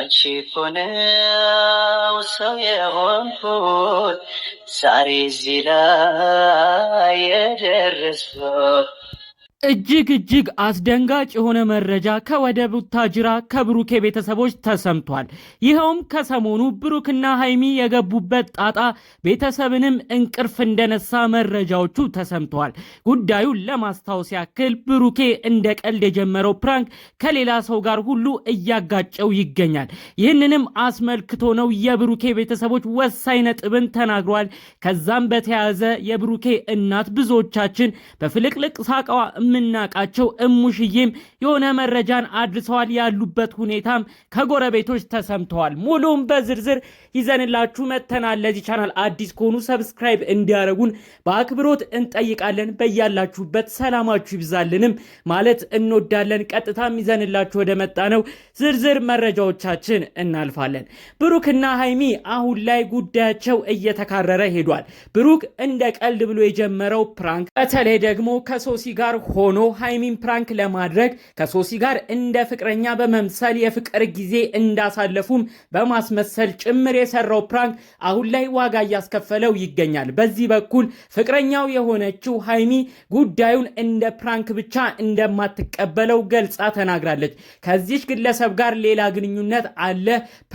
ባንቺ ሆነው ሰው የሆንኩት ዛሬ እዚህ ላይ የደረስኩት እጅግ እጅግ አስደንጋጭ የሆነ መረጃ ከወደ ቡታጅራ ከብሩኬ ቤተሰቦች ተሰምቷል። ይኸውም ከሰሞኑ ብሩክና ሃይሚ የገቡበት ጣጣ ቤተሰብንም እንቅልፍ እንደነሳ መረጃዎቹ ተሰምተዋል። ጉዳዩን ለማስታወስ ያክል ብሩኬ እንደ ቀልድ የጀመረው ፕራንክ ከሌላ ሰው ጋር ሁሉ እያጋጨው ይገኛል። ይህንንም አስመልክቶ ነው የብሩኬ ቤተሰቦች ወሳኝ ነጥብን ተናግሯል። ከዛም በተያያዘ የብሩኬ እናት ብዙዎቻችን በፍልቅልቅ ሳቀዋ የምናቃቸው እሙሽዬም የሆነ መረጃን አድርሰዋል። ያሉበት ሁኔታም ከጎረቤቶች ተሰምተዋል። ሙሉም በዝርዝር ይዘንላችሁ መጥተናል። ለዚህ ቻናል አዲስ ከሆኑ ሰብስክራይብ እንዲያደርጉን በአክብሮት እንጠይቃለን። በያላችሁበት ሰላማችሁ ይብዛልንም ማለት እንወዳለን። ቀጥታም ይዘንላችሁ ወደ መጣ ነው ዝርዝር መረጃዎቻችን እናልፋለን። ብሩክና ሀይሚ አሁን ላይ ጉዳያቸው እየተካረረ ሄዷል። ብሩክ እንደ ቀልድ ብሎ የጀመረው ፕራንክ በተለይ ደግሞ ከሶሲ ጋር ሆኖ ሃይሚን ፕራንክ ለማድረግ ከሶሲ ጋር እንደ ፍቅረኛ በመምሰል የፍቅር ጊዜ እንዳሳለፉም በማስመሰል ጭምር የሰራው ፕራንክ አሁን ላይ ዋጋ እያስከፈለው ይገኛል። በዚህ በኩል ፍቅረኛው የሆነችው ሃይሚ ጉዳዩን እንደ ፕራንክ ብቻ እንደማትቀበለው ገልጻ ተናግራለች። ከዚች ግለሰብ ጋር ሌላ ግንኙነት አለ፣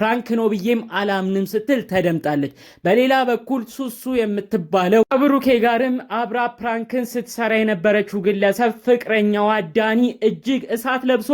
ፕራንክ ነው ብዬም አላምንም ስትል ተደምጣለች። በሌላ በኩል ሱሱ የምትባለው ከብሩኬ ጋርም አብራ ፕራንክን ስትሰራ የነበረችው ግለሰብ ፍቅረኛዋ ዳኒ እጅግ እሳት ለብሶ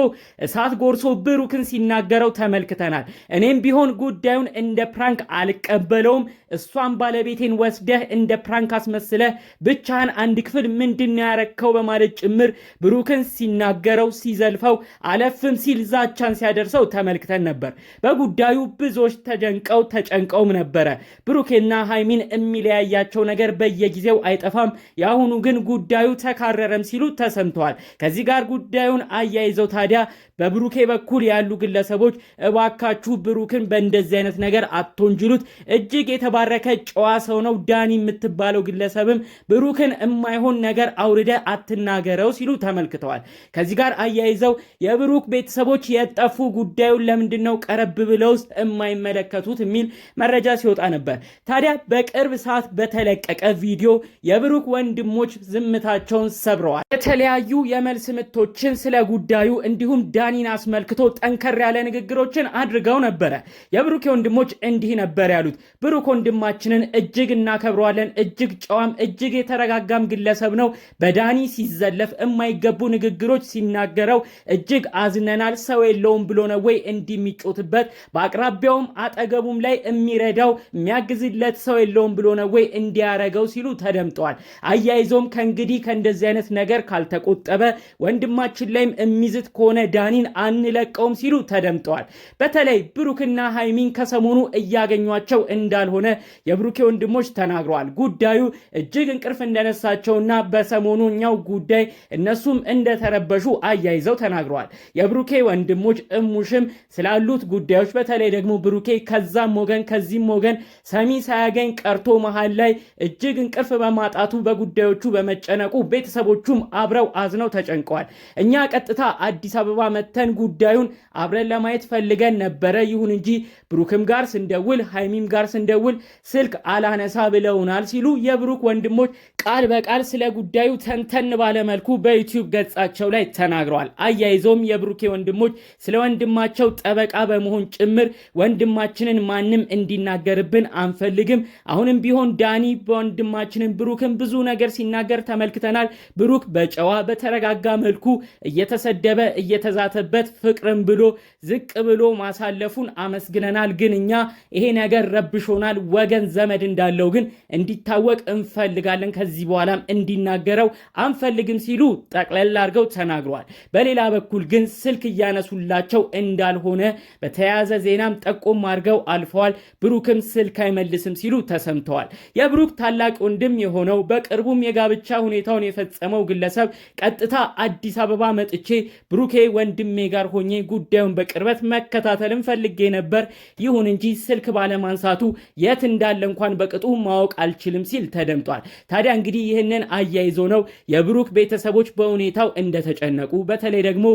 እሳት ጎርሶ ብሩክን ሲናገረው ተመልክተናል። እኔም ቢሆን ጉዳዩን እንደ ፕራንክ አልቀበለውም እሷን ባለቤቴን ወስደህ እንደ ፕራንክ አስመስለህ ብቻህን አንድ ክፍል ምንድን ያረከው በማለት ጭምር ብሩክን ሲናገረው፣ ሲዘልፈው፣ አለፍም ሲል ዛቻን ሲያደርሰው ተመልክተን ነበር። በጉዳዩ ብዙዎች ተደንቀው ተጨንቀውም ነበረ። ብሩኬና ሃይሚን የሚለያያቸው ነገር በየጊዜው አይጠፋም፣ የአሁኑ ግን ጉዳዩ ተካረረም ሲሉ ተሰምተዋል። ከዚህ ጋር ጉዳዩን አያይዘው ታዲያ በብሩኬ በኩል ያሉ ግለሰቦች እባካችሁ ብሩክን በእንደዚህ አይነት ነገር አትወንጅሉት እጅግ የተባ የተባረከ ጨዋ ሰው ነው ዳኒ የምትባለው ግለሰብም ብሩክን የማይሆን ነገር አውርደ አትናገረው ሲሉ ተመልክተዋል። ከዚህ ጋር አያይዘው የብሩክ ቤተሰቦች የጠፉ ጉዳዩን ለምንድን ነው ቀረብ ብለውስ የማይመለከቱት የሚል መረጃ ሲወጣ ነበር። ታዲያ በቅርብ ሰዓት በተለቀቀ ቪዲዮ የብሩክ ወንድሞች ዝምታቸውን ሰብረዋል። የተለያዩ የመልስ ምቶችን ስለ ጉዳዩ እንዲሁም ዳኒን አስመልክቶ ጠንከር ያለ ንግግሮችን አድርገው ነበረ። የብሩክ ወንድሞች እንዲህ ነበር ያሉት ብሩክ ወንድ ወንድማችንን እጅግ እናከብረዋለን። እጅግ ጨዋም እጅግ የተረጋጋም ግለሰብ ነው። በዳኒ ሲዘለፍ የማይገቡ ንግግሮች ሲናገረው እጅግ አዝነናል። ሰው የለውም ብሎ ነው ወይ እንዲሚጮትበት በአቅራቢያውም አጠገቡም ላይ የሚረዳው የሚያግዝለት ሰው የለውም ብሎ ነው ወይ እንዲያረገው ሲሉ ተደምጠዋል። አያይዞም ከእንግዲህ ከእንደዚህ አይነት ነገር ካልተቆጠበ ወንድማችን ላይም የሚዝት ከሆነ ዳኒን አንለቀውም ሲሉ ተደምጠዋል። በተለይ ብሩክና ሃይሚን ከሰሞኑ እያገኟቸው እንዳልሆነ የብሩኬ ወንድሞች ተናግረዋል። ጉዳዩ እጅግ እንቅልፍ እንደነሳቸውና በሰሞኑኛው ጉዳይ እነሱም እንደተረበሹ አያይዘው ተናግረዋል። የብሩኬ ወንድሞች እሙሽም ስላሉት ጉዳዮች በተለይ ደግሞ ብሩኬ ከዛም ወገን ከዚህም ወገን ሰሚ ሳያገኝ ቀርቶ መሃል ላይ እጅግ እንቅልፍ በማጣቱ በጉዳዮቹ በመጨነቁ ቤተሰቦቹም አብረው አዝነው ተጨንቀዋል። እኛ ቀጥታ አዲስ አበባ መተን ጉዳዩን አብረን ለማየት ፈልገን ነበረ። ይሁን እንጂ ብሩክም ጋር ስንደውል፣ ሀይሚም ጋር ስንደውል ስልክ አላነሳ ብለውናል ሲሉ የብሩክ ወንድሞች ቃል በቃል ስለ ጉዳዩ ተንተን ባለመልኩ በዩቲዩብ ገጻቸው ላይ ተናግረዋል። አያይዞም የብሩኬ ወንድሞች ስለ ወንድማቸው ጠበቃ በመሆን ጭምር ወንድማችንን ማንም እንዲናገርብን አንፈልግም። አሁንም ቢሆን ዳኒ በወንድማችንን ብሩክን ብዙ ነገር ሲናገር ተመልክተናል። ብሩክ በጨዋ በተረጋጋ መልኩ እየተሰደበ እየተዛተበት ፍቅርን ብሎ ዝቅ ብሎ ማሳለፉን አመስግነናል። ግን እኛ ይሄ ነገር ረብሾናል ወገን ዘመድ እንዳለው ግን እንዲታወቅ እንፈልጋለን፣ ከዚህ በኋላም እንዲናገረው አንፈልግም ሲሉ ጠቅለል አድርገው ተናግረዋል። በሌላ በኩል ግን ስልክ እያነሱላቸው እንዳልሆነ በተያያዘ ዜናም ጠቆም አድርገው አልፈዋል። ብሩክም ስልክ አይመልስም ሲሉ ተሰምተዋል። የብሩክ ታላቅ ወንድም የሆነው በቅርቡም የጋብቻ ሁኔታውን የፈጸመው ግለሰብ ቀጥታ አዲስ አበባ መጥቼ ብሩኬ ወንድሜ ጋር ሆኜ ጉዳዩን በቅርበት መከታተል ፈልጌ ነበር። ይሁን እንጂ ስልክ ባለማንሳቱ የት እንዳለ እንኳን በቅጡ ማወቅ አልችልም ሲል ተደምጧል። ታዲያ እንግዲህ ይህንን አያይዞ ነው የብሩክ ቤተሰቦች በሁኔታው እንደተጨነቁ በተለይ ደግሞ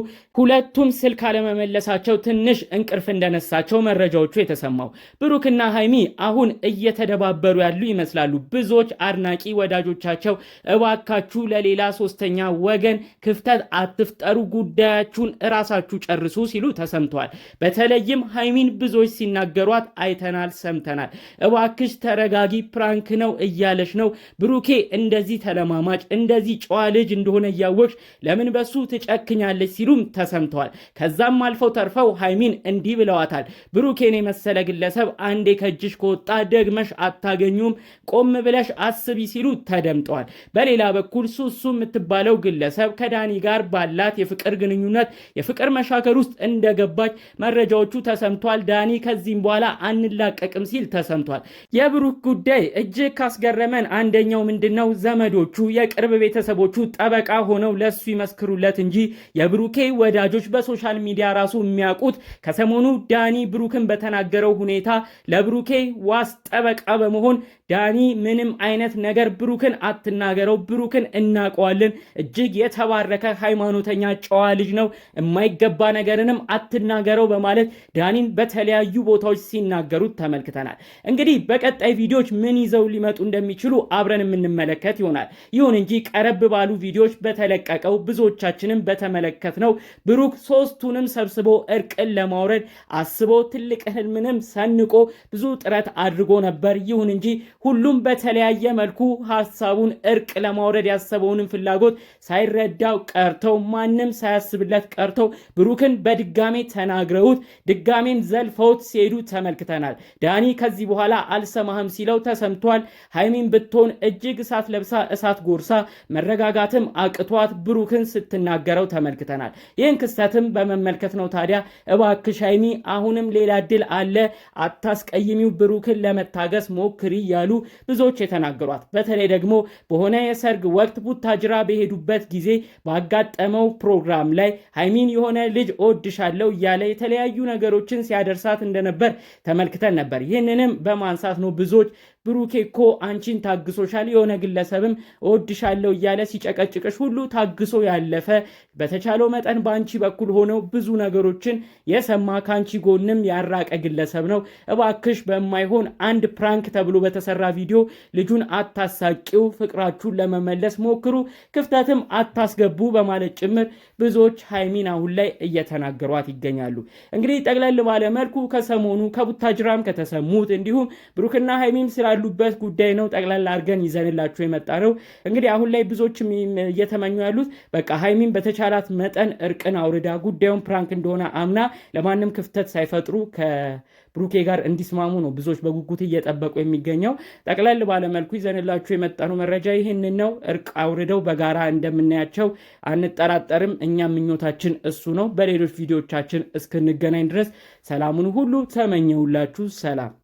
ሁለቱም ስልክ አለመመለሳቸው ትንሽ እንቅልፍ እንደነሳቸው መረጃዎቹ የተሰማው። ብሩክና ሀይሚ አሁን እየተደባበሩ ያሉ ይመስላሉ። ብዙዎች አድናቂ ወዳጆቻቸው እባካችሁ ለሌላ ሶስተኛ ወገን ክፍተት አትፍጠሩ፣ ጉዳያችሁን እራሳችሁ ጨርሱ ሲሉ ተሰምተዋል። በተለይም ሀይሚን ብዙዎች ሲናገሯት አይተናል፣ ሰምተናል። እባክሽ ተረጋጊ፣ ፕራንክ ነው እያለሽ ነው። ብሩኬ እንደዚህ ተለማማጭ እንደዚህ ጨዋ ልጅ እንደሆነ እያወቅሽ ለምን በሱ ትጨክኛለች ሲሉም ተሰምተዋል። ከዛም አልፈው ተርፈው ሃይሚን እንዲህ ብለዋታል። ብሩኬን የመሰለ ግለሰብ አንዴ ከእጅሽ ከወጣ ደግመሽ አታገኙም፣ ቆም ብለሽ አስቢ ሲሉ ተደምጠዋል። በሌላ በኩል ሱሱ የምትባለው ግለሰብ ከዳኒ ጋር ባላት የፍቅር ግንኙነት የፍቅር መሻከር ውስጥ እንደገባች መረጃዎቹ ተሰምቷል። ዳኒ ከዚህም በኋላ አንላቀቅም ሲል ተሰምቷል። የብሩክ ጉዳይ እጅግ ካስገረመን አንደኛው ምንድነው ዘመዶቹ፣ የቅርብ ቤተሰቦቹ ጠበቃ ሆነው ለሱ ይመስክሩለት እንጂ የብሩኬ ወዳጆች በሶሻል ሚዲያ ራሱ የሚያውቁት ከሰሞኑ ዳኒ ብሩክን በተናገረው ሁኔታ ለብሩኬ ዋስ ጠበቃ በመሆን ዳኒ ምንም አይነት ነገር ብሩክን አትናገረው፣ ብሩክን እናውቀዋለን። እጅግ የተባረከ ሃይማኖተኛ፣ ጨዋ ልጅ ነው። የማይገባ ነገርንም አትናገረው በማለት ዳኒን በተለያዩ ቦታዎች ሲናገሩት ተመልክተናል። እንግዲህ በቀጣይ ቪዲዮዎች ምን ይዘው ሊመጡ እንደሚችሉ አብረን የምንመለከት ይሆናል። ይሁን እንጂ ቀረብ ባሉ ቪዲዮዎች በተለቀቀው ብዙዎቻችንም በተመለከት ነው ብሩክ ሶስቱንም ሰብስቦ እርቅን ለማውረድ አስቦ ትልቅ ህልምንም ሰንቆ ብዙ ጥረት አድርጎ ነበር። ይሁን እንጂ ሁሉም በተለያየ መልኩ ሀሳቡን እርቅ ለማውረድ ያሰበውንም ፍላጎት ሳይረዳው ቀርተው ማንም ሳያስብለት ቀርተው ብሩክን በድጋሜ ተናግረውት ድጋሜም ዘልፈውት ሲሄዱ ተመልክተናል። ዳኒ ከዚህ በኋላ አልሰማህም ሲለው ተሰምቷል። ሀይሚን ብትሆን እጅግ እሳት ለብሳ እሳት ጎርሳ መረጋጋትም አቅቷት ብሩክን ስትናገረው ተመልክተናል። ይህን ክስተትም በመመልከት ነው ታዲያ እባክሽ ሀይሚ አሁንም ሌላ እድል አለ፣ አታስቀይሚው፣ ብሩክን ለመታገስ ሞክሪ ያሉ ብዙዎች የተናገሯት። በተለይ ደግሞ በሆነ የሰርግ ወቅት ቡታጅራ በሄዱበት ጊዜ ባጋጠመው ፕሮግራም ላይ ሀይሚን የሆነ ልጅ እወድሻለሁ እያለ የተለያዩ ነገሮችን ሲያደርሳት እንደነበር ተመልክተን ነበር። ይህንንም በማንሳት ነው ብዙዎች ብሩኬ እኮ አንቺን ታግሶሻል፣ የሆነ ግለሰብም እወድሻለሁ እያለ ሲጨቀጭቅሽ ሁሉ ታግሶ ያለፈ በተቻለው መጠን በአንቺ በኩል ሆነው ብዙ ነገሮችን የሰማ ከአንቺ ጎንም ያራቀ ግለሰብ ነው። እባክሽ በማይሆን አንድ ፕራንክ ተብሎ በተሰራ ቪዲዮ ልጁን አታሳቂው፣ ፍቅራችሁን ለመመለስ ሞክሩ፣ ክፍተትም አታስገቡ በማለት ጭምር ብዙዎች ሀይሚን አሁን ላይ እየተናገሯት ይገኛሉ። እንግዲህ ጠቅለል ባለ መልኩ ከሰሞኑ ከቡታጅራም ከተሰሙት እንዲሁም ብሩክና ሀይሚም ስላ ያሉበት ጉዳይ ነው። ጠቅላላ አድርገን ይዘንላችሁ የመጣ ነው። እንግዲህ አሁን ላይ ብዙዎችም እየተመኙ ያሉት በቃ ሀይሚን በተቻላት መጠን እርቅን አውርዳ ጉዳዩን ፕራንክ እንደሆነ አምና ለማንም ክፍተት ሳይፈጥሩ ከብሩኬ ጋር እንዲስማሙ ነው ብዙዎች በጉጉት እየጠበቁ የሚገኘው። ጠቅላል ባለመልኩ ይዘንላችሁ የመጣ ነው መረጃ ይህንን ነው። እርቅ አውርደው በጋራ እንደምናያቸው አንጠራጠርም። እኛ ምኞታችን እሱ ነው። በሌሎች ቪዲዮቻችን እስክንገናኝ ድረስ ሰላሙን ሁሉ ተመኘሁላችሁ። ሰላም